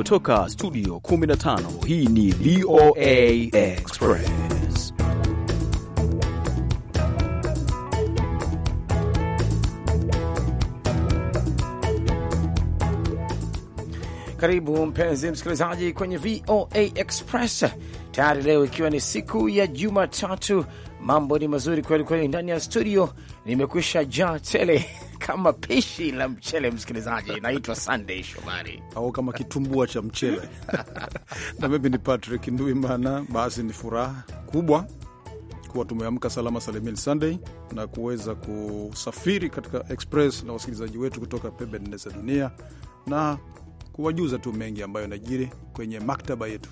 kutoka studio 15 hii ni VOA Express. Karibu mpenzi msikilizaji kwenye VOA Express tayari leo, ikiwa ni siku ya Jumatatu. Mambo ni mazuri kweli kweli ndani ya studio, nimekwisha jaa tele kama pishi la mchele, msikilizaji. Naitwa Sunday Shomari au kama kitumbua cha mchele na mimi ni Patrick Nduimana. Basi ni furaha kubwa kuwa tumeamka salama salimini Sunday na kuweza kusafiri katika express na wasikilizaji wetu kutoka pembe nne za dunia na kuwajuza tu mengi ambayo najiri kwenye maktaba yetu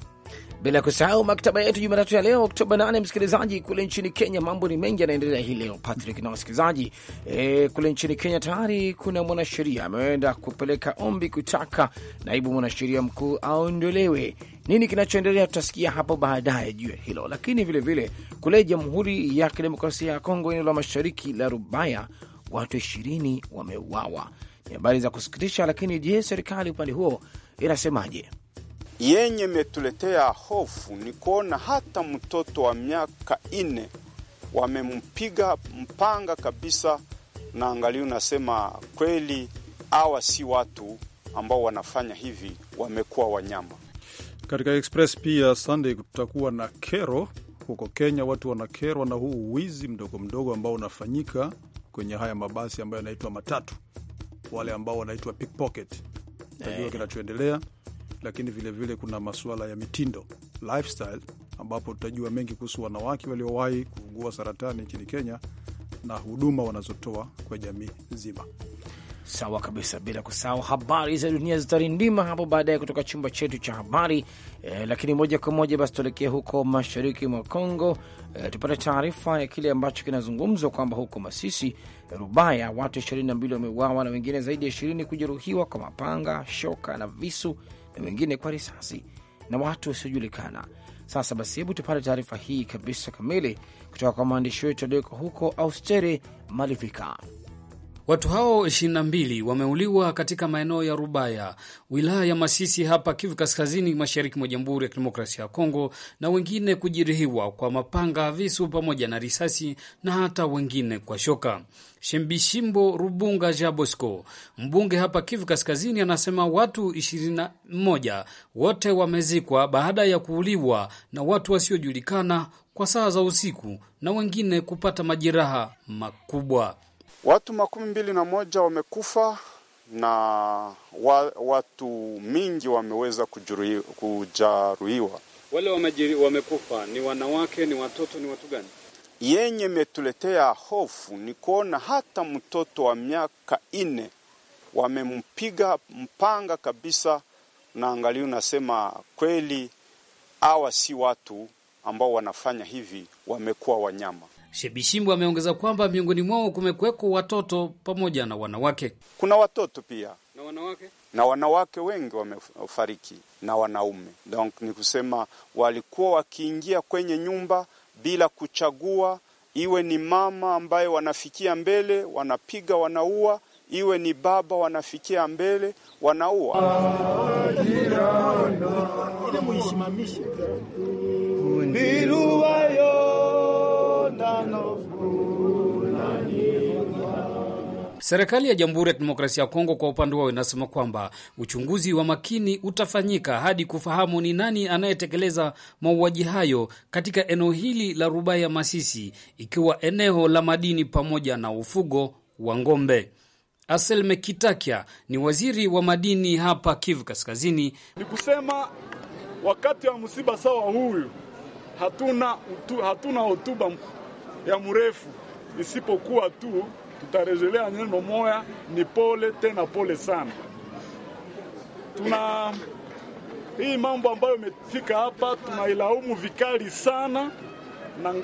bila kusahau maktaba yetu Jumatatu ya leo Oktoba 8. Msikilizaji, kule nchini Kenya mambo ni mengi yanaendelea hii leo, Patrick na wasikilizaji. E, kule nchini Kenya tayari kuna mwanasheria ameenda kupeleka ombi kutaka naibu mwanasheria mkuu aondolewe. Nini kinachoendelea tutasikia hapo baadaye juu ya hilo, lakini vilevile vile, kule Jamhuri ya Kidemokrasia ya Kongo eneo la mashariki la Rubaya watu ishirini wameuawa. Ni habari za kusikitisha, lakini je, serikali upande huo inasemaje? yenye metuletea hofu ni kuona hata mtoto wa miaka ine wamempiga mpanga kabisa, na angalio unasema kweli, hawa si watu ambao wanafanya hivi, wamekuwa wanyama. Katika Express pia Sunday tutakuwa na kero huko Kenya, watu wanakerwa na huu wizi mdogo mdogo ambao unafanyika kwenye haya mabasi ambayo yanaitwa matatu, wale ambao wanaitwa pickpocket. Tajua eh. kinachoendelea lakini vilevile vile kuna masuala ya mitindo lifestyle, ambapo tutajua mengi kuhusu wanawake waliowahi kuugua saratani nchini Kenya na huduma wanazotoa kwa jamii nzima. Sawa kabisa, bila kusahau habari za dunia zitarindima hapo baadaye kutoka chumba chetu cha habari e, lakini moja kwa moja basi tuelekee huko mashariki mwa congo e, eh, tupate taarifa ya kile ambacho kinazungumzwa kwamba huko Masisi Rubaya watu 22 wameuawa na wengine zaidi ya 20 kujeruhiwa kwa mapanga, shoka na visu na wengine kwa risasi na watu wasiojulikana. Sasa basi, hebu tupate taarifa hii kabisa kamili kutoka kwa mwandishi wetu aliyoko huko Austere Malivika. Watu hao 22 wameuliwa katika maeneo ya Rubaya, wilaya ya Masisi, hapa Kivu Kaskazini, mashariki mwa Jamhuri ya Kidemokrasia ya Kongo, na wengine kujeruhiwa kwa mapanga, visu pamoja na risasi, na hata wengine kwa shoka. Shembishimbo Rubunga Jabosco, mbunge hapa Kivu Kaskazini, anasema watu 21 wote wamezikwa baada ya kuuliwa na watu wasiojulikana kwa saa za usiku na wengine kupata majeraha makubwa. Watu makumi mbili na moja wamekufa na wa, watu mingi wameweza kujeruhiwa. Kujaruhiwa wale wamejiri, wamekufa ni wanawake, ni watoto, ni watu gani? Yenye imetuletea hofu ni kuona hata mtoto wa miaka ine wamempiga mpanga kabisa, na angalia, unasema kweli, hawa si watu ambao wanafanya hivi, wamekuwa wanyama. Shebishimbu ameongeza kwamba miongoni mwao kumekuweko watoto pamoja na wanawake. Kuna watoto pia na wanawake na wanawake wengi wamefariki na wanaume. Donc ni kusema walikuwa wakiingia kwenye nyumba bila kuchagua, iwe ni mama ambaye wanafikia mbele wanapiga, wanaua, iwe ni baba wanafikia mbele wanaua. Serikali ya Jamhuri ya Kidemokrasia ya Kongo kwa upande wao inasema kwamba uchunguzi wa makini utafanyika hadi kufahamu ni nani anayetekeleza mauaji hayo katika eneo hili la rubaya ya Masisi, ikiwa eneo la madini pamoja na ufugo wa ng'ombe. Aselme Kitakia ni waziri wa madini hapa Kivu Kaskazini. Ni kusema wakati wa msiba sawa huyu hatuna, hatuna hotuba ya mrefu isipokuwa tu tutarejelea neno moya, ni pole tena pole sana. Tuna hii mambo ambayo imefika hapa, tunailaumu vikali sana na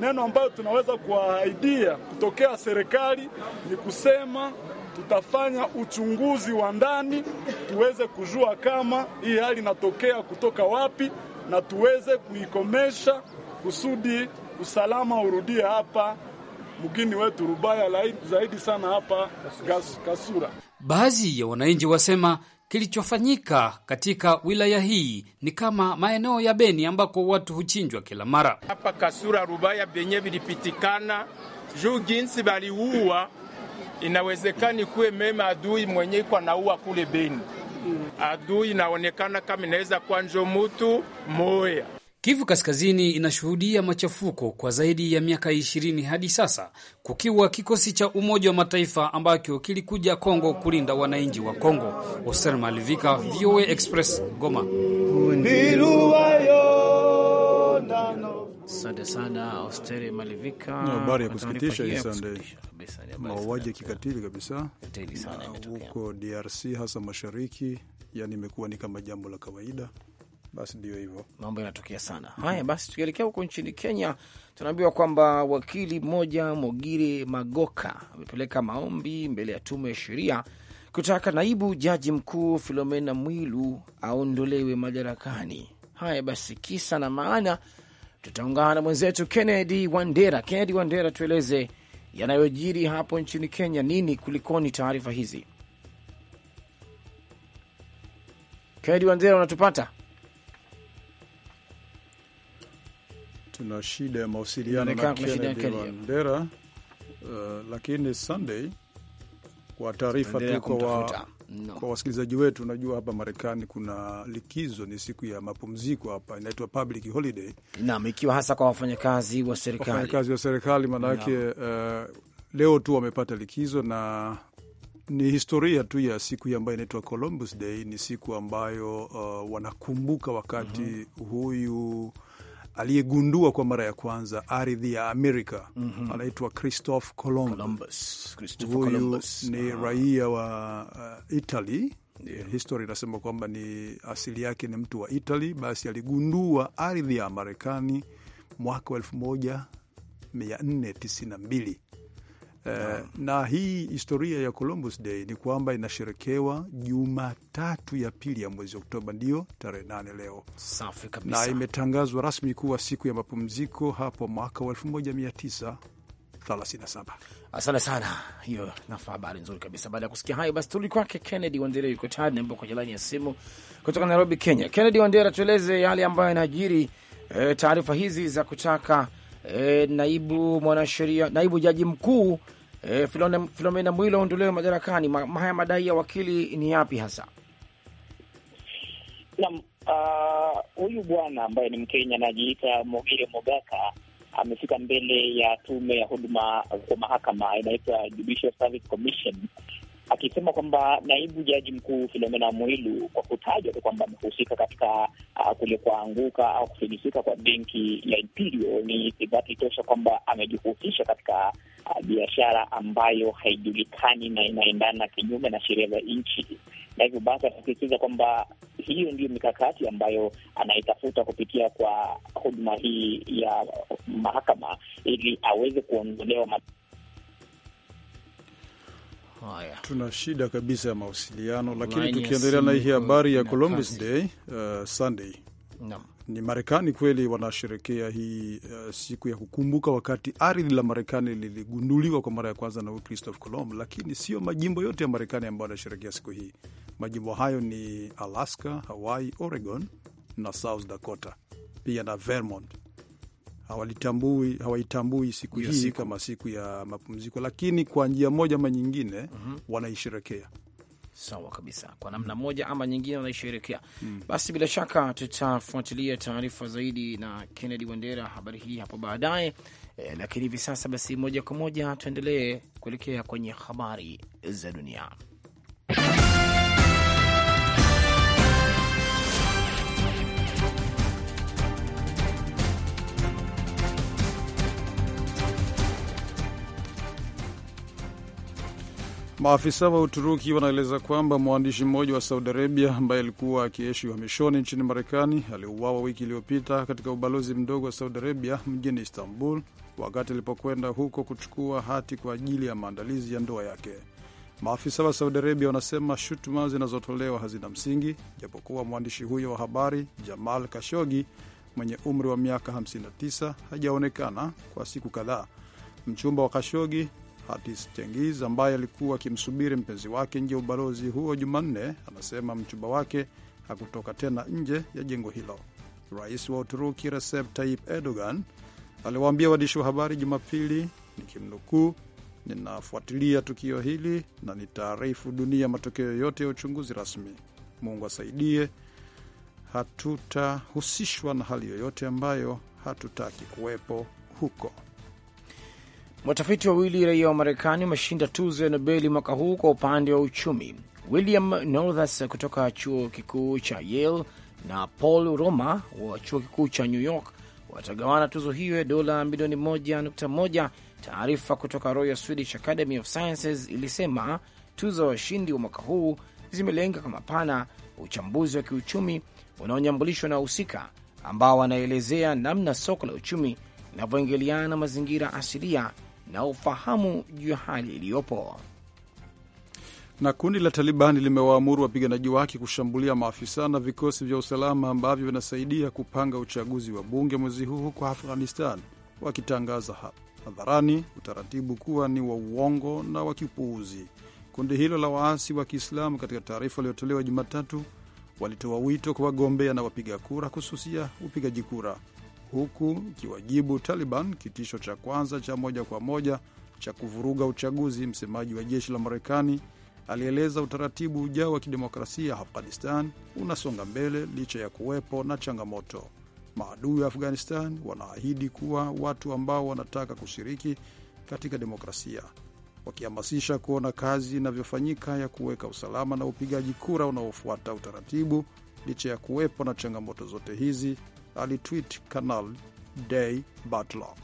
neno ambayo tunaweza kuwaidia kutokea serikali ni kusema tutafanya uchunguzi wa ndani tuweze kujua kama hii hali inatokea kutoka wapi na tuweze kuikomesha kusudi usalama urudie hapa mgini wetu Rubaya zaidi sana hapa gas, Kasura. Baadhi ya wananchi wasema kilichofanyika katika wilaya hii ni kama maeneo ya Beni ambako watu huchinjwa kila mara. Hapa Kasura Rubaya benye vilipitikana juu jinsi baliua, inawezekani kuwe mema adui mwenye iko anaua kule Beni. Adui inaonekana kama inaweza kuwa njo mutu moya Kivu Kaskazini inashuhudia machafuko kwa zaidi ya miaka ishirini hadi sasa, kukiwa kikosi cha Umoja wa Mataifa ambacho kilikuja Kongo kulinda wananchi wa Kongo. Oser Malivika, VOA Express, Goma. Asante sana Austere Malivika. Habari ya kusikitisha hii Sande, mauaji ya kikatili kabisa huko DRC hasa mashariki, yani imekuwa ni kama jambo la kawaida basi ndio hivyo mambo yanatokea sana. Haya basi, tukielekea huko nchini Kenya, tunaambiwa kwamba wakili mmoja Mogire Magoka amepeleka maombi mbele ya tume ya sheria kutaka naibu jaji mkuu Filomena Mwilu aondolewe madarakani. Haya basi, kisa na maana, tutaungana na mwenzetu Kennedy Wandera. Kennedy Wandera, tueleze yanayojiri hapo nchini Kenya, nini kulikoni taarifa hizi? Kennedy Wandera, unatupata? tuna shida ya mawasiliano na Kennedy Wandera. Uh, lakini Sunday, kwa taarifa tu kwa, no. kwa wasikilizaji wetu, unajua hapa Marekani kuna likizo, ni siku ya mapumziko hapa, inaitwa public holiday, naam, ikiwa hasa kwa wafanyakazi wa serikali, wafanyakazi wa serikali maanake no. uh, leo tu wamepata likizo na ni historia tu ya siku hii ambayo inaitwa Columbus Day. Ni siku ambayo uh, wanakumbuka wakati mm -hmm. huyu aliyegundua kwa mara ya kwanza ardhi ya Amerika mm -hmm. anaitwa Christoph Columbus. Huyu ni ah. raia wa uh, Italy yeah. History inasema kwamba ni asili yake ni mtu wa Italy. Basi aligundua ardhi ya Marekani mwaka wa elfu moja mia nne tisini na mbili eh, na hii historia ya Columbus Day ni kwamba inasherekewa Jumatatu ya pili ya mwezi Oktoba, ndiyo tarehe nane leo. Safi kabisa. Na imetangazwa rasmi kuwa siku ya mapumziko hapo mwaka wa 1937. Asante sana, hiyo nafa habari nzuri kabisa. Baada ya kusikia hayo, basi tuli kwake Kennedy Wandera, yuko tayari nambo kwenye laini ya simu kutoka Nairobi, Kenya. Kennedy Wandera, tueleze yale ambayo yanajiri, e, taarifa hizi za kutaka e, naibu mwanasheria, naibu jaji mkuu e, Filomena Mwilo ondolewe madarakani. Ma, haya madai ya wakili ni yapi hasa? Naam, huyu uh, bwana ambaye ni Mkenya anajiita Mogire Mogaka amefika mbele ya tume ya huduma kwa mahakama inaitwa Judicial Service Commission akisema kwamba naibu jaji mkuu Filomena Mwilu kwa kutajwa tu kwamba amehusika katika uh, kule kuanguka au kufilisika kwa benki ya Imperial ni thibati tosha kwamba amejihusisha katika uh, biashara ambayo haijulikani na inaendana kinyume na sheria za nchi, na hivyo basi atasisitiza kwamba hiyo ndiyo mikakati ambayo anaitafuta kupitia kwa huduma hii ya mahakama ili aweze kuondolewa Haya, tuna shida kabisa ya mawasiliano, lakini tukiendelea na hii habari ya Columbus Day uh, Sunday no. Ni Marekani kweli wanasherekea hii uh, siku ya kukumbuka wakati ardhi la Marekani liligunduliwa kwa mara ya kwanza na Christopher Columbus, lakini sio majimbo yote ya Marekani ambayo yanasherekea siku hii. Majimbo hayo ni Alaska, Hawaii, Oregon na South Dakota pia na Vermont hawalitambui hawaitambui siku hii siku kama siku ya mapumziko, lakini kwa njia moja ama nyingine mm -hmm. wanaisherekea Sawa kabisa, kwa namna moja ama nyingine wanaisherekea mm. Basi bila shaka tutafuatilia taarifa zaidi na Kennedy Wendera habari hii hapo baadaye e, lakini hivi sasa basi moja kwa moja tuendelee kuelekea kwenye habari za dunia Maafisa wa Uturuki wanaeleza kwamba mwandishi mmoja wa Saudi Arabia ambaye alikuwa akiishi uhamishoni nchini Marekani aliuawa wiki iliyopita katika ubalozi mdogo wa Saudi Arabia mjini Istanbul wakati alipokwenda huko kuchukua hati kwa ajili ya maandalizi ya ndoa yake. Maafisa wa Saudi Arabia wanasema shutuma zinazotolewa hazina msingi, japokuwa mwandishi huyo wa habari Jamal Kashogi mwenye umri wa miaka 59 hajaonekana kwa siku kadhaa. Mchumba wa Kashogi Hatis Tengiz ambaye alikuwa akimsubiri mpenzi wake nje ya ubalozi huo Jumanne anasema mchumba wake hakutoka tena nje ya jengo hilo. Rais wa Uturuki Recep Tayyip Erdogan aliwaambia waandishi wa habari Jumapili, nikimnukuu, ninafuatilia tukio hili na nitaarifu dunia matokeo yote ya uchunguzi rasmi. Mungu asaidie, hatutahusishwa na hali yoyote ambayo hatutaki kuwepo huko. Watafiti wawili raia wa Marekani wameshinda tuzo ya Nobeli mwaka huu kwa upande wa uchumi, William Nordhaus kutoka chuo kikuu cha Yale na Paul Roma wa chuo kikuu cha New York watagawana tuzo hiyo ya dola milioni 1.1. Taarifa kutoka Royal Swedish Academy of Sciences ilisema tuzo ya washindi wa mwaka huu zimelenga kama pana uchambuzi wa kiuchumi unaonyambulishwa na wahusika ambao wanaelezea namna soko la uchumi linavyoingiliana na mazingira asilia na ufahamu juu ya hali iliyopo. Na kundi la Talibani limewaamuru wapiganaji wake kushambulia maafisa na vikosi vya usalama ambavyo vinasaidia kupanga uchaguzi wa bunge mwezi huu huko Afghanistan, wakitangaza hadharani utaratibu kuwa ni wa uongo na wa kipuuzi. Kundi hilo la waasi wa Kiislamu, katika taarifa iliyotolewa Jumatatu, walitoa wito kwa wagombea na wapiga kura kususia upigaji kura huku kiwajibu Taliban kitisho cha kwanza cha moja kwa moja cha kuvuruga uchaguzi. Msemaji wa jeshi la Marekani alieleza utaratibu ujao wa kidemokrasia Afghanistan unasonga mbele licha ya kuwepo na changamoto. Maadui wa Afghanistan wanaahidi kuwa watu ambao wanataka kushiriki katika demokrasia, wakihamasisha kuona kazi inavyofanyika ya kuweka usalama na upigaji kura unaofuata utaratibu. Licha ya kuwepo na changamoto zote hizi, alitwit Kanal Day Butler.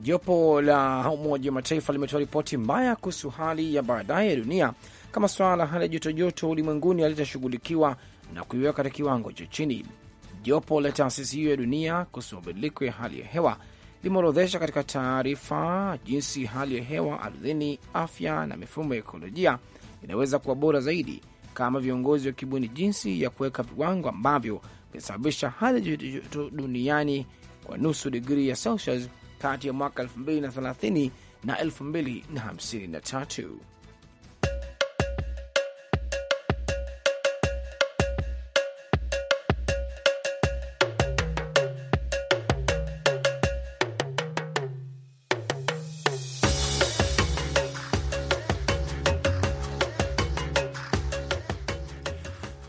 Jopo la Umoja wa Mataifa limetoa ripoti mbaya kuhusu hali ya baadaye ya dunia kama suala la hali ya jotojoto ulimwenguni halitashughulikiwa na kuiweka katika kiwango cha chini. Jopo la taasisi hiyo ya dunia kuhusu mabadiliko ya hali ya hewa limeorodhesha katika taarifa jinsi hali ya hewa, ardhini, afya na mifumo ya ekolojia inaweza kuwa bora zaidi kama viongozi wa kibuni jinsi ya kuweka viwango ambavyo ilisababisha hali joto duniani kwa nusu digri ya Celsius kati ya mwaka 2030 na 2053.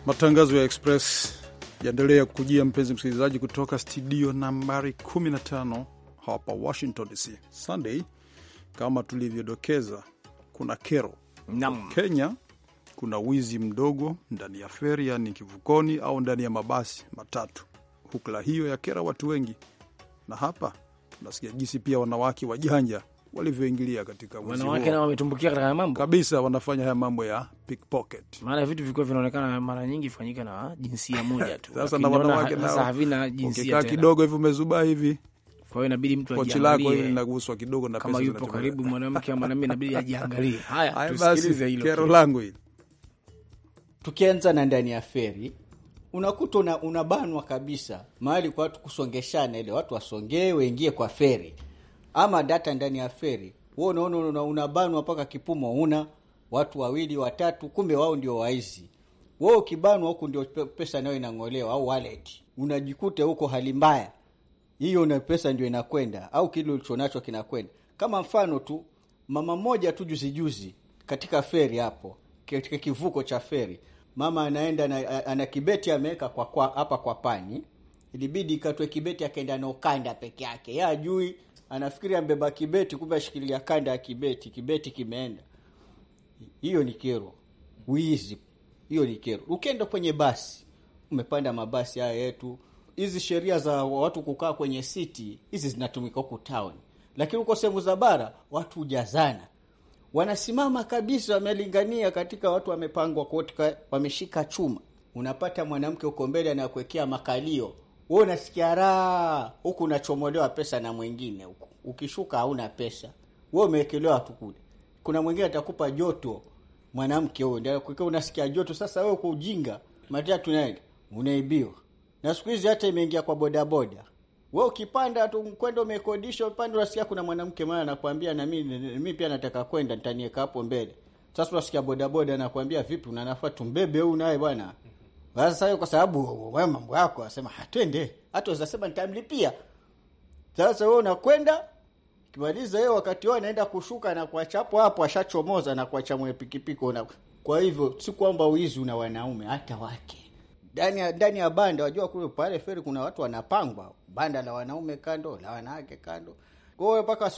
Matangazo ya Express yaendelea kukujia mpenzi msikilizaji, kutoka studio nambari 15 hapa Washington DC. Sunday, kama tulivyodokeza, kuna kero Nam. Kenya kuna wizi mdogo ndani ya feri, yani kivukoni au ndani ya mabasi matatu. Hukla hiyo ya kera watu wengi, na hapa tunasikia jinsi pia wanawake wajanja walivyoingilia katika wanawake nao wametumbukia katika haya mambo kabisa, wanafanya haya mambo ya pickpocket, maana vitu vilikuwa vinaonekana mara nyingi fanyika na jinsia moja tu. Sasa na wanawake nao havina jinsia tena, ukikaa kidogo hivi umezubaa hivi kwa hiyo inabidi mtu ajiangalie kochi lako hili linaguswa kidogo na pesa, kama yupo karibu mwanamke au mwanamume, inabidi ajiangalie. Haya, tusikilize hilo kero langu hili. Tukianza na ndani ya feri, unakuta unabanwa kabisa mahali kwa watu kusongeshana, ile watu wasongee waingie kwa feri ama data ndani ya feri. Wewe unaona una, unabanwa mpaka kipumo una watu wawili watatu, kumbe wao ndio waizi. Wewe ukibanwa huku ndio pesa nayo inang'olewa au wallet, unajikuta huko hali mbaya hiyo, na pesa ndio inakwenda au kile ulichonacho kinakwenda. Kama mfano tu, mama mmoja tu juzi juzi katika feri hapo, katika kivuko cha feri, mama anaenda na, ana kibeti ameweka kwa, kwa hapa kwa pani, ilibidi ikatwe kibeti, akaenda na ukanda peke yake, yeye ajui anafikiri ambeba kibeti, kumbe ashikilia kanda ya kibeti, kibeti kimeenda. Hiyo ni kero, wizi. Hiyo ni kero. Ukienda kwenye basi, umepanda mabasi haya yetu, hizi sheria za watu kukaa kwenye siti hizi zinatumika huku town, lakini huko sehemu za bara watu hujazana, wanasimama kabisa, wamelingania katika watu wamepangwa kote, wameshika chuma. Unapata mwanamke huko mbele anakuwekea makalio wewe unasikia raha huku, unachomolewa pesa na mwingine huku, ukishuka hauna pesa, wewe umewekelewa tu kule. Kuna mwingine atakupa joto, mwanamke huyo ndio kwa unasikia joto. Sasa wewe kwa ujinga matia tunaenda, unaibiwa. Na siku hizi hata imeingia kwa bodaboda, wewe ukipanda tu kwenda, umekodisha upande, unasikia kuna mwanamke mwana anakuambia, na mimi mimi pia nataka kwenda, nitaniweka hapo mbele. Sasa unasikia bodaboda anakuambia, vipi, unanafaa tumbebe huyu naye bwana sasa hiyo kwa sababu wewe mambo yako anasema hatwende, hata nitamlipia. Sasa wewe unakwenda kimaliza yeye wakati wao anaenda kushuka na kuachapo hapo ashachomoza na kuacha pikipiki Kwa hivyo si kwamba wizi una wanaume hata wake. Ndani ya ndani ya banda wajua kule pale feri kuna watu wanapangwa, banda la wanaume kando, la wanawake kando. Kwa hiyo mpaka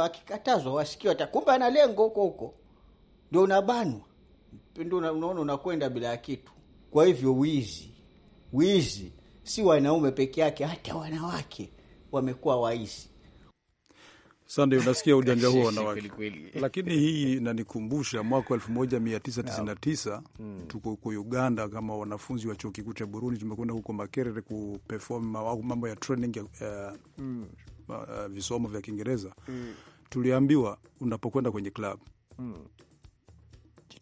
wakikatazwa wasikie ana lengo huko huko. Ndio unabanwa. Ndio unaona unakwenda bila kitu. Kwa hivyo wizi, wizi si wanaume peke yake, hata wanawake wamekuwa waizi. Sande, unasikia ujanja huo wanawake. Lakini hii inanikumbusha mwaka 1999 mm. tuko huko Uganda kama wanafunzi wa chuo kikuu cha Burundi, tumekwenda huko Makerere kuperform mambo ya training ya uh, mm. uh, visomo vya Kiingereza mm. tuliambiwa unapokwenda kwenye club mm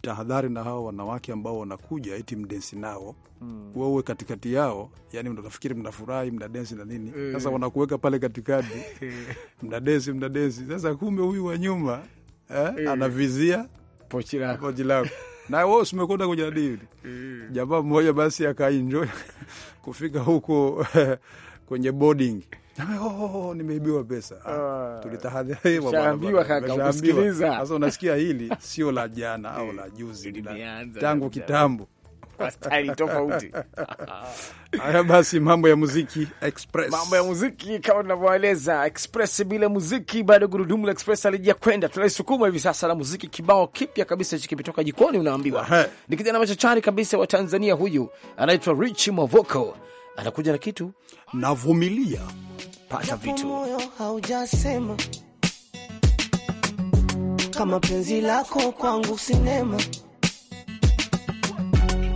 tahadhari na hawa wanawake ambao wanakuja eti mdensi nao mm. Wewe katikati yao, yani mnafikiri mnafurahi mnadensi na nini eh. sasa, mm. wanakuweka pale katikati mnadensi mnadensi. Sasa kumbe huyu wa nyuma eh, mm. anavizia pochi lako pochi lako na wewe usimekwenda mm. Jamaa mmoja basi akaenjoy kufika huko kwenye boarding Oh, oh, oh, nimeibiwa pesa. Uh, ah, ah, tulitahadhariwa sasa unasikia hili sio la jana au la juzi, tangu kitambo Haya basi, mambo ya muziki Express, mambo ya muziki kama tunavyoeleza Express. Bila muziki bado gurudumu la Express alija kwenda, tunaisukuma hivi sasa na muziki kibao kipya kabisa hichi kimetoka jikoni, unaambiwa ni kijana machachari kabisa wa Tanzania, huyu anaitwa Richi Mavoko, anakuja na kitu navumilia pata vitu haujasema kama penzi lako kwangu sinema,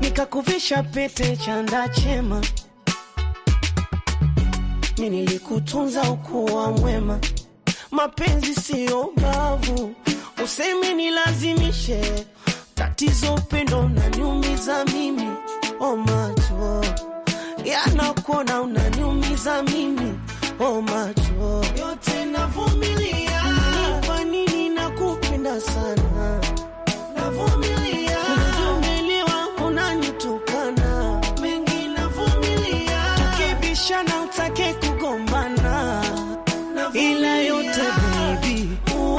nikakuvisha pete chanda chema, mi nilikutunza ukuwa mwema. Mapenzi siyo bavu, useme nilazimishe. Tatizo upendo oh, unaniumiza mimi, omato yanakuona unaniumiza mimi oh macho yote navumilia, kwa nini nakupenda sana, navumilia unanitukana mengi, navumilia tukibishana, utake kugombana, ila yote baby tu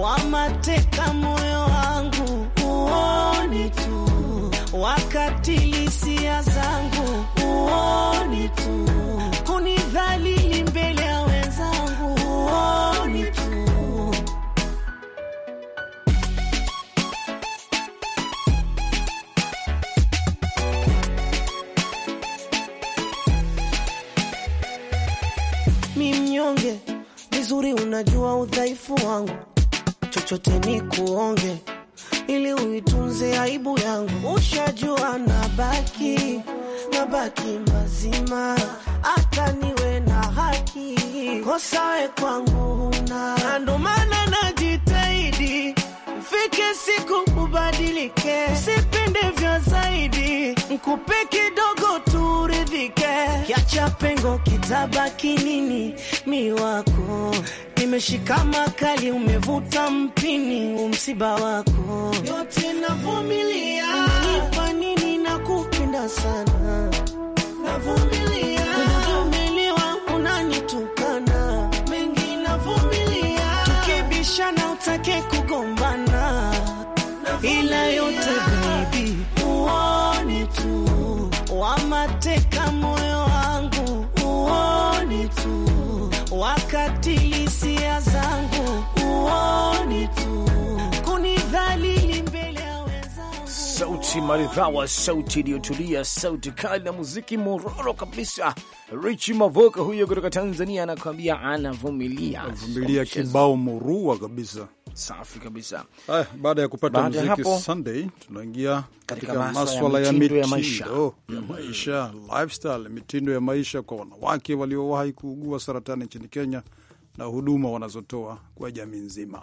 wamateka wangu, chochote ni kuonge ili uitunze aibu yangu. Ushajua nabaki nabaki mazima, hata niwe na haki, kosawe kwangu huna, ndo maana najitahidi fike siku ubadilike, sipende vya zaidi, nkupe kidogo nipike, kiacha pengo kitabaki nini? mi wako nimeshika makali, umevuta mpini, umsiba wako yote navumilia, nipa nini na kupenda sana navumilia, unavumiliwa unanitukana, mengi navumilia, tukibishana utake kugombana, ila yote basi maridhawa, sauti iliyotulia, sauti kali na muziki mororo kabisa. Richi Mavoka huyo kutoka Tanzania anakuambia anavumilia, anavumilia kibao morua kabisa. Safi kabisa. Ay, baada ya kupata baada muziki hapo, Sunday, tunaingia katika maswala ya mitindo ya maisha, ya maisha mm -hmm. maisha lifestyle, mitindo ya maisha kwa wanawake waliowahi kuugua saratani nchini Kenya na huduma wanazotoa kwa jamii nzima.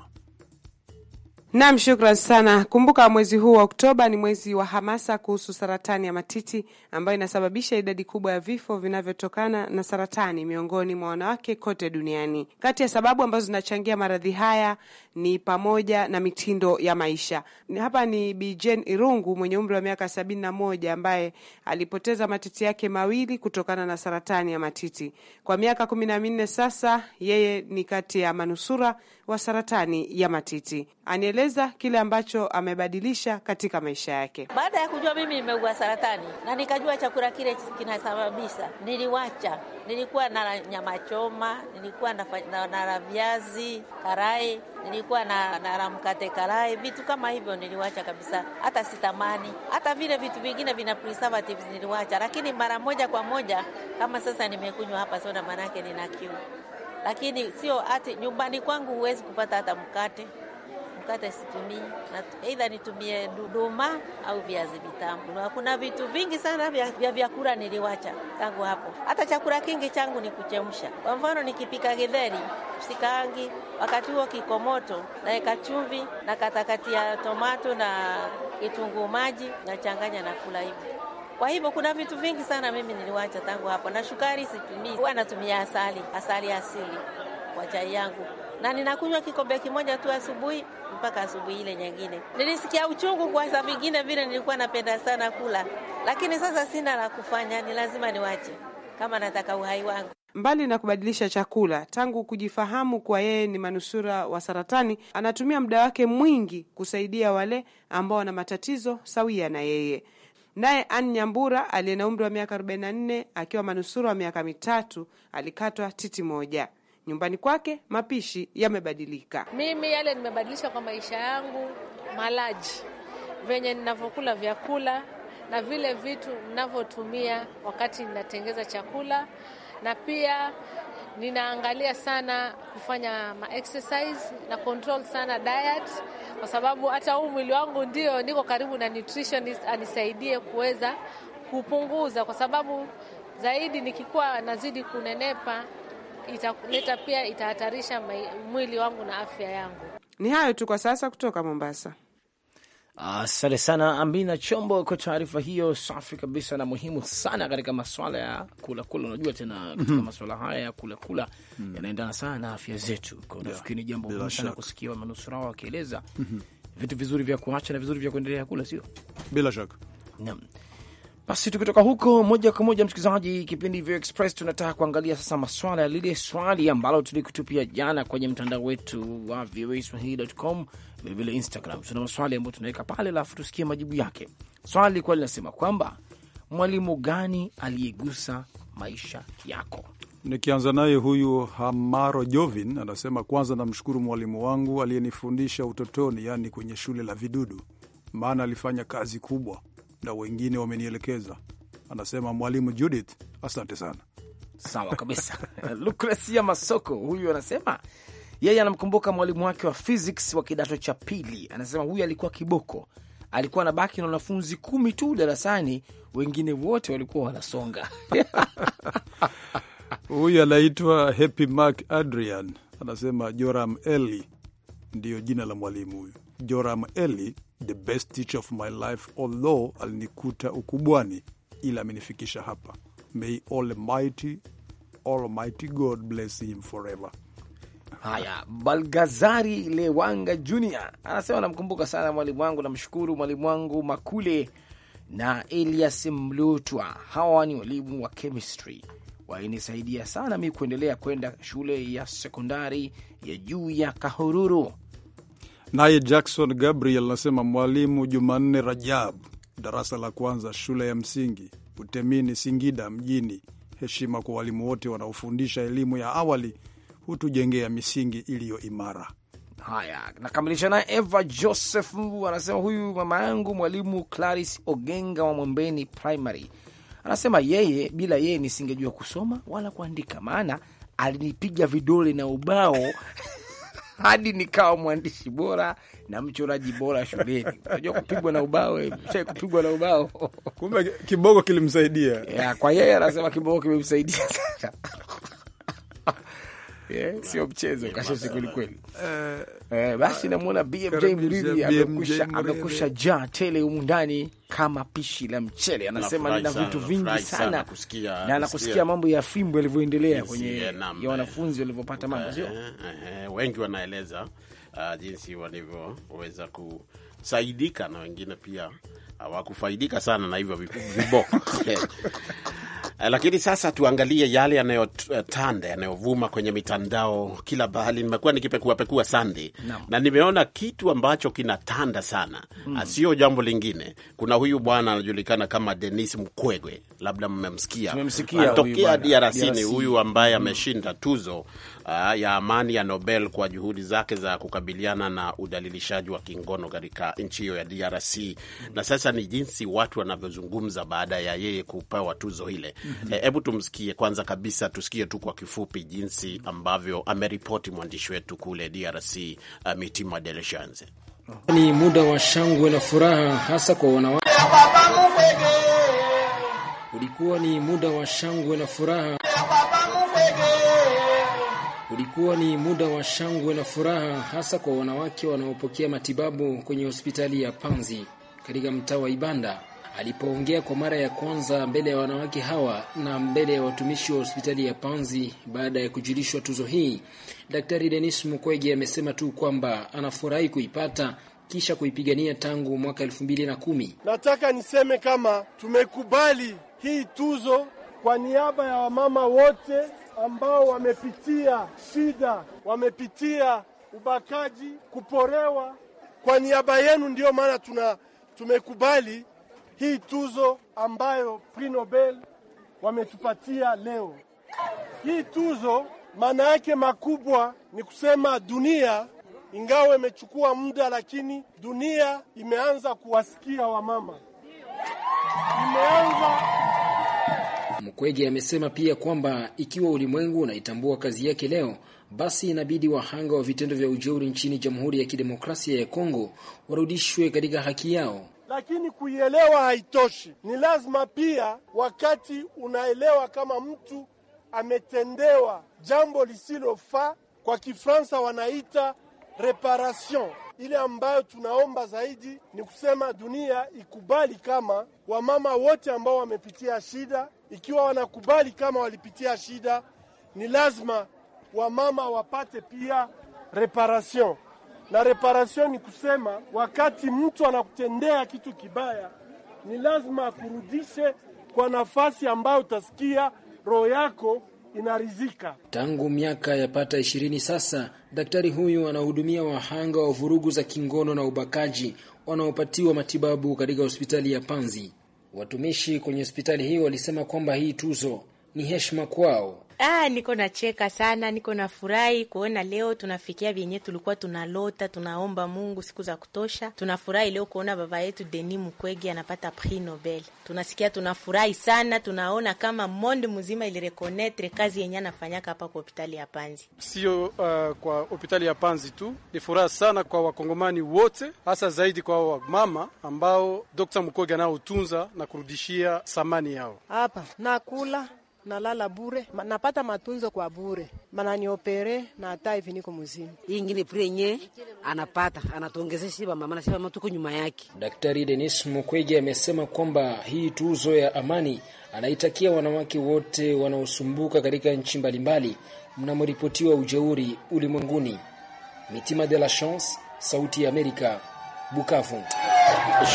Nam, shukran sana. Kumbuka mwezi huu wa Oktoba ni mwezi wa hamasa kuhusu saratani ya matiti ambayo inasababisha idadi kubwa ya vifo vinavyotokana na saratani miongoni mwa wanawake kote duniani. Kati ya sababu ambazo zinachangia maradhi haya ni pamoja na mitindo ya maisha. Hapa ni Bi Jane Irungu mwenye umri wa miaka sabini na moja ambaye alipoteza matiti yake mawili kutokana na saratani ya matiti. Kwa miaka kumi na minne sasa, yeye ni kati ya manusura wa saratani ya matiti. Anieleza kile ambacho amebadilisha katika maisha yake. Baada ya kujua mimi nimeugua saratani na nikajua chakula kile kinasababisha, niliwacha. Nilikuwa na nyama choma, nilikuwa na, na, na, na viazi karai, nilikuwa nilikuwa na, na ramkate karai, vitu kama hivyo niliwacha kabisa, hata sitamani. Hata vile vitu vingine vina preservatives niliwacha, lakini mara moja kwa moja kama sasa nimekunywa hapa soda, maanake nina kiu, lakini sio ati nyumbani kwangu huwezi kupata hata mkate mkate situmii, aidha nitumie duduma au viazi vitamu. Na kuna vitu vingi sana vya vyakula niliwacha tangu hapo. Hata chakula kingi changu ni kuchemsha. Kwa mfano, nikipika githeri sikaangi, wakati huo kiko moto, naweka chumvi na katakati ya tomato na kitunguu maji, nachanganya na kula hivyo. Kwa hivyo kuna vitu vingi sana mimi niliwacha tangu hapo, na shukari situmii, huwa natumia asali, asali asili kwa chai yangu na ninakunywa kikombe kimoja tu asubuhi mpaka asubuhi ile nyingine. Nilisikia uchungu kwa sababu vingine vile nilikuwa napenda sana kula, lakini sasa sina la kufanya, ni lazima niwache kama nataka uhai wangu. Mbali na kubadilisha chakula, tangu kujifahamu kwa yeye ni manusura wa saratani, anatumia muda wake mwingi kusaidia wale ambao wana matatizo sawia na yeye. Naye Ann Nyambura aliye na umri wa miaka 44 akiwa manusura wa miaka mitatu alikatwa titi moja. Nyumbani kwake mapishi yamebadilika. Mimi yale nimebadilisha kwa maisha yangu, malaji, venye ninavyokula vyakula na vile vitu ninavyotumia wakati ninatengeza chakula, na pia ninaangalia sana kufanya ma exercise na control sana diet, kwa sababu hata huu mwili wangu ndio niko karibu na nutritionist anisaidie kuweza kupunguza, kwa sababu zaidi nikikuwa nazidi kunenepa italeta pia itahatarisha mwili wangu na afya yangu. Ni hayo tu kwa sasa kutoka Mombasa. Asante sana Amina Chombo kwa taarifa hiyo safi kabisa na muhimu sana katika maswala ya kulakula. Unajua tena katika mm -hmm. maswala haya ya kulakula mm yanaendana sana na afya zetu, kwa nafikiri ni jambo muhimu sana kusikia manusura wao wakieleza mm -hmm. vitu vizuri vya kuacha na vizuri vya kuendelea kula, sio bila shaka basi tukitoka huko moja kwa moja, msikilizaji, kipindi Express, tunataka kuangalia sasa maswala ya lile swali ambalo tulikutupia jana kwenye mtandao wetu wa voaswahili.com, vilevile Instagram. Tuna maswali ambayo tunaweka pale, alafu tusikie majibu yake. Swali lilikuwa linasema kwamba mwalimu gani aliyegusa maisha yako? Nikianza naye huyu Hamaro Jovin anasema, kwanza namshukuru mwalimu wangu aliyenifundisha utotoni, yaani kwenye shule la vidudu, maana alifanya kazi kubwa na wengine wamenielekeza, anasema mwalimu Judith. Asante sana. Sawa kabisa. lukrasia Masoko huyu anasema yeye anamkumbuka mwalimu wake wa physics wa kidato cha pili. Anasema huyu alikuwa kiboko, alikuwa anabaki na wanafunzi kumi tu darasani, wengine wote walikuwa wanasonga. Huyu anaitwa Happy Mark Adrian, anasema Joram Eli ndiyo jina la mwalimu huyu. Joram Eli the best teacher of my life, although alinikuta ukubwani, ila amenifikisha hapa. May almighty, almighty God bless him forever. Haya, Balgazari Lewanga Junior anasema namkumbuka sana mwalimu wangu, namshukuru mwalimu wangu Makule na Elias Mlutwa. Hawa ni walimu wa chemistry wainisaidia sana mi kuendelea kwenda shule ya sekondari ya juu ya Kahururu. Naye Jackson Gabriel anasema mwalimu Jumanne Rajab, darasa la kwanza shule ya msingi Utemini, Singida mjini. Heshima kwa walimu wote wanaofundisha elimu ya awali, hutujengea misingi iliyo imara. Haya, nakamilisha naye Eva Joseph anasema huyu mama yangu mwalimu Claris Ogenga wa Mwembeni Primary anasema yeye, bila yeye nisingejua kusoma wala kuandika, maana alinipiga vidole na ubao hadi nikawa mwandishi bora na mchoraji bora shuleni. Unajua kupigwa na ubao, eh, shai kupigwa na ubao kumbe kibogo kilimsaidia. Yeah, kwa yeye anasema kibogo kimemsaidia sana yeah, sio mchezo kasheshe kwelikweli. Uh, eh, basi ah, namwona BMJ Mridhi amekusha jaa tele humu ndani kama pishi la mchele, anasema nina vitu vingi sana na anakusikia mambo ya fimbo yalivyoendelea kwenye ya eh. wanafunzi walivyopata mambo, eh, sio wengi wanaeleza uh, jinsi walivyoweza kusaidika na wengine pia hawakufaidika sana na hivyo viboko Eh, lakini sasa tuangalie yale yanayotanda yanayovuma kwenye mitandao kila bahali. Nimekuwa nikipekuapekua sandi no. na nimeona kitu ambacho kinatanda sana mm. sio jambo lingine. Kuna huyu bwana anajulikana kama Denis Mkwegwe, labda mmemsikia, tokea DRC ni huyu ambaye hmm. ameshinda mm. tuzo uh, ya amani ya Nobel kwa juhudi zake za kukabiliana na udhalilishaji wa kingono katika nchi hiyo ya DRC mm. na sasa ni jinsi watu wanavyozungumza baada ya yeye kupewa tuzo ile Mm-hmm. E, hebu tumsikie kwanza kabisa, tusikie tu kwa kifupi jinsi ambavyo ameripoti mwandishi wetu kule DRC uh, Mitima de Ni muda wa shangwe na furaha hasa kwa wanawake. Ulikuwa ni muda wa shangwe na furaha. Ulikuwa ni muda wa shangwe na furaha hasa kwa wanawake wanaopokea matibabu kwenye hospitali ya Panzi katika mtaa wa Ibanda. Alipoongea kwa mara ya kwanza mbele ya wanawake hawa na mbele ya watumishi wa hospitali ya Panzi baada ya kujulishwa tuzo hii, Daktari Denis Mukwege amesema tu kwamba anafurahi kuipata kisha kuipigania tangu mwaka elfu mbili na kumi. Nataka niseme kama tumekubali hii tuzo kwa niaba ya wamama wote ambao wamepitia shida, wamepitia ubakaji, kuporewa. Kwa niaba yenu, ndiyo maana tuna tumekubali hii tuzo ambayo pri Nobel wametupatia leo. Hii tuzo maana yake makubwa ni kusema dunia, ingawa imechukua muda, lakini dunia imeanza kuwasikia wamama, imeanza Mkwege amesema pia kwamba ikiwa ulimwengu unaitambua kazi yake leo, basi inabidi wahanga wa vitendo vya ujeuri nchini Jamhuri ya Kidemokrasia ya Kongo warudishwe katika haki yao lakini kuielewa haitoshi. Ni lazima pia, wakati unaelewa kama mtu ametendewa jambo lisilofaa, kwa Kifransa wanaita reparation. Ile ambayo tunaomba zaidi ni kusema dunia ikubali kama wamama wote ambao wamepitia shida, ikiwa wanakubali kama walipitia shida, ni lazima wamama wapate pia reparation. Na reparation ni kusema wakati mtu anakutendea kitu kibaya, ni lazima akurudishe kwa nafasi ambayo utasikia roho yako inarizika Tangu miaka yapata ishirini sasa, daktari huyu anahudumia wahanga wa vurugu za kingono na ubakaji wanaopatiwa matibabu katika hospitali ya Panzi. Watumishi kwenye hospitali hii walisema kwamba hii tuzo ni heshima kwao Ah, niko nacheka sana, niko nafurahi kuona leo tunafikia vyenye tulikuwa tunalota, tunaomba Mungu siku za kutosha. Tunafurahi leo kuona baba yetu Denis Mukwege anapata prix Nobel, tunasikia tunafurahi sana, tunaona kama monde mzima ilirekonetre kazi yenye anafanyaka hapa kwa hopitali ya Panzi, sio uh, kwa hopitali ya Panzi tu. Ni furaha sana kwa wakongomani wote, hasa zaidi kwa wamama ambao Dr. Mukwege anaotunza na kurudishia thamani yao hapa nakula nalala bure, napata matunzo kwa bure, mananiopere na hata hivi niko mzima. Hii ingine pure nye anapata anatuongezesha shiba mama na shiba matuko nyuma yake. Daktari Denis Mukwege amesema kwamba hii tuzo ya amani anaitakia wanawake wote wanaosumbuka katika nchi mbalimbali mnamoripotiwa ujeuri ulimwenguni. Mitima de la Chance, Sauti ya Amerika, Bukavu.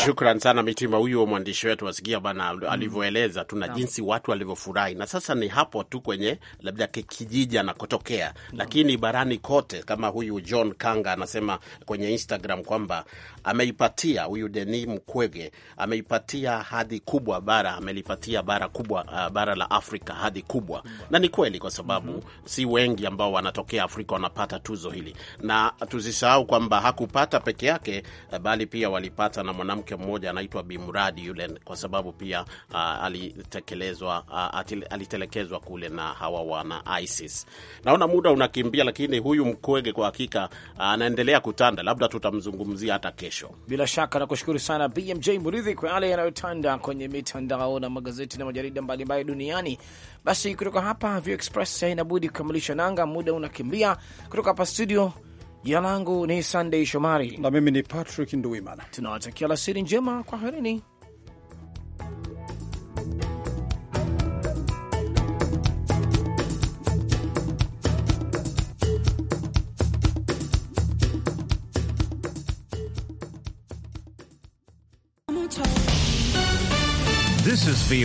Shukran sana Mitima, huyo mwandishi wetu wasikia bana mm. alivyoeleza tu na jinsi watu walivyofurahi. Na sasa ni hapo tu kwenye labda kijiji anakotokea, lakini barani kote, kama huyu John Kanga anasema kwenye Instagram kwamba ameipatia huyu Deni Mkwege ameipatia hadhi kubwa bara, amelipatia bara kubwa, uh, bara la Afrika hadhi kubwa, mm. na ni kweli kwa sababu mm -hmm. si wengi ambao wanatokea Afrika wanapata tuzo hili, na tusisahau kwamba hakupata peke yake, eh, bali pia walipata na mwanamke mmoja anaitwa bimradi yule, kwa sababu pia uh, alitekelezwa uh, alitelekezwa kule na hawa wana ISIS. Naona muda unakimbia, lakini huyu mkwege kwa hakika uh, anaendelea uh, kutanda, labda tutamzungumzia hata kesho. Bila shaka nakushukuru sana BMJ Muridhi kwa yale yanayotanda kwenye mitandao na magazeti na majarida mbalimbali duniani. Basi kutoka hapa View Express inabudi kukamilisha nanga, muda unakimbia. Kutoka hapa studio Jina langu ni Sunday Shomari na mimi ni Patrick Nduwimana. Tunawatakia alasiri njema, is the